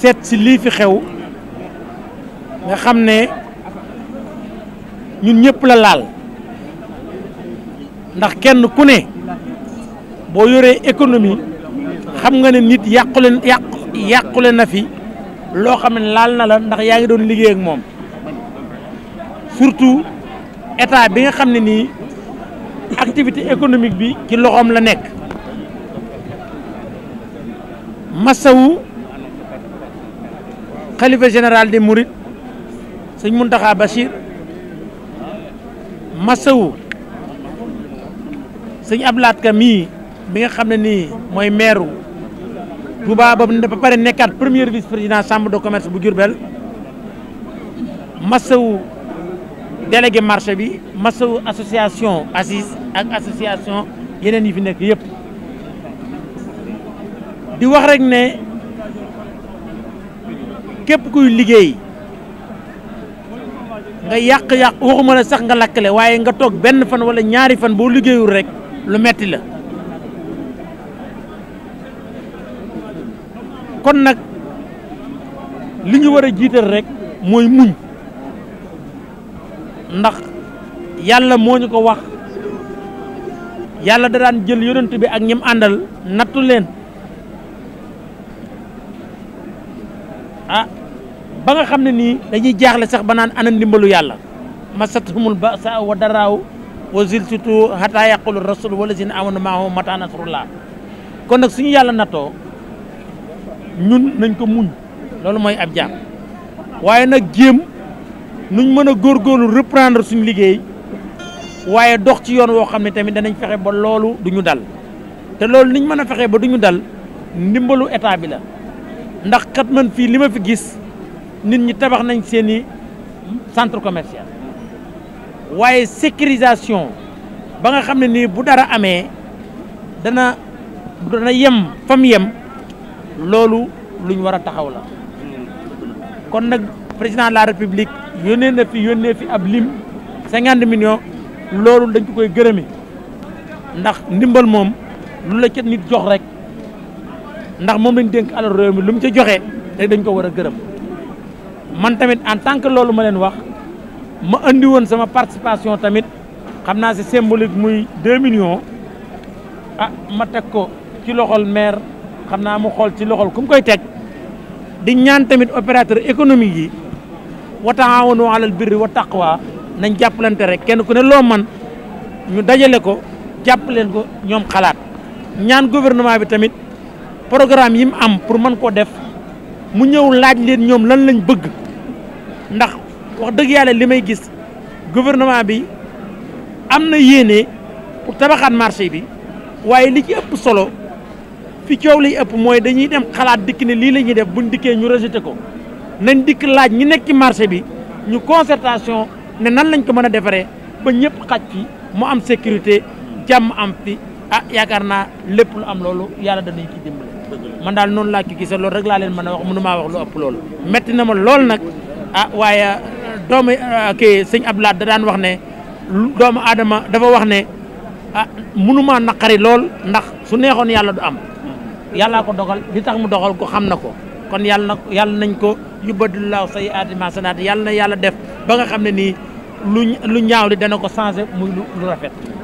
seet si lii fi xew nga xam ne ñun ñëpp la laal ndax kenn ku ne boo yoree économie xam nga ne nit yàqule yàqu yàqule na fi loo xam ne laal na la ndax yaa ngi doon liggéey ak moom surtout état bi nga xam ne nii activité économique bi ci loxoom la nekk masawu xalifa général des Mourides sëñ Muntaxa Bachir masawu sëñ Ablaat Ka mii bi nga xam ne nii mooy maire Touba ba ba pare nekkaat premier vice président chambre de commerce bu Diourbel masawu délégué marché bi masawu association assis ak association yeneen yi fi nekk yëpp di wax rek ne. képp kuy liggéey nga yàq-yàq waxuma la sax nga lakkale waaye nga toog benn fan wala ñaari fan boo liggéeyul rek lu metti la kon nag li ñu war a jiital rek mooy muñ ndax yàlla moo ñu ko wax yàlla da daan jël yonent bi ak ñim àndal nattu leen ah ba nga xam ne nii dañuy jaaxle sax ba naan ana ndimbalu yàlla ma masathumul ba'sa wa daraaw wa zilzilu hatta yaqulu rasul amoon amanu ma'ahu mata nasrullah kon nag suñu yàlla nattoo ñun nañ ko muñ loolu mooy ab jàmm waaye nag jéem nuñ mën a góor góorgóorlu reprendre suñu liggéey waaye dox ci yoon woo xam ne tamit danañ fexe ba loolu duñu dal te loolu niñ mën a fexe ba duñu dal ndimbalu état bi la ndax kat man fii li ma fi gis nit ñi tabax nañ seeni centre commercial waaye sécurisation ba nga xam ne nii bu dara amee dana dana yem fam yem loolu luñ war a taxaw la kon nag président la république yónnee na fi yónnee fi ab lim cinquante millions loolu dañ ko koy gërëme ndax ndimbal moom lu la ca nit jox rek ndax moom lañ dénk alal réew mi lu mu ci joxe rek dañ ko war a gërëm man tamit en tant que loolu ma leen wax ma andi woon sama participation tamit xam naa c'est symbolique muy deux millions ah ma teg ko ci loxol maire xam naa mu xool ci loxol ku mu koy teg di ñaan tamit opérateur économique yi wa taawanu alal birri wa taqwa nañ jàppalante rek kenn ku ne loo man ñu dajale ko jàpp leen ko ñoom xalaat ñaan gouvernement bi tamit programme yi mu am pour man koo def mu ñëw laaj leen ñoom lan lañ bëgg ndax wax dëgg yàlla li may gis gouvernement bi am na yéene pour tabaxaat marché bi waaye li ci ëpp solo fi coow li ëpp mooy dañuy dem xalaat dikk ne lii la ñuy def ñu dikkee ñu rejeté ko nañ dikk laaj ñu nekk ci marché bi ñu concertation ne nan lañ ko mën a defaree ba ñëpp xaj fi mu am sécurité jàmm am fi ah yaakaar naa lépp lu am loolu yàlla danañ ci dimbale man daal noonu laa ci gisee loolu rek laa leen mën a wax mënu maa wax lu ëpp loolu metti na ma lool nag ah waaye uh, doomu uh, kii sëñ Abdou Lahad da daan wax ne doomu aadama dafa wax ne ah mënuma naqari lool ndax su neexoon yàlla du am yàllaa ko dogal di tax mu dogal ko xam na ko kon yàlla na yàlla nañ ko yubadillaahu sa hasanaat yàlla na yàlla def ba nga xam ne nii lu lu ñaaw li dana ko changé muy lu rafet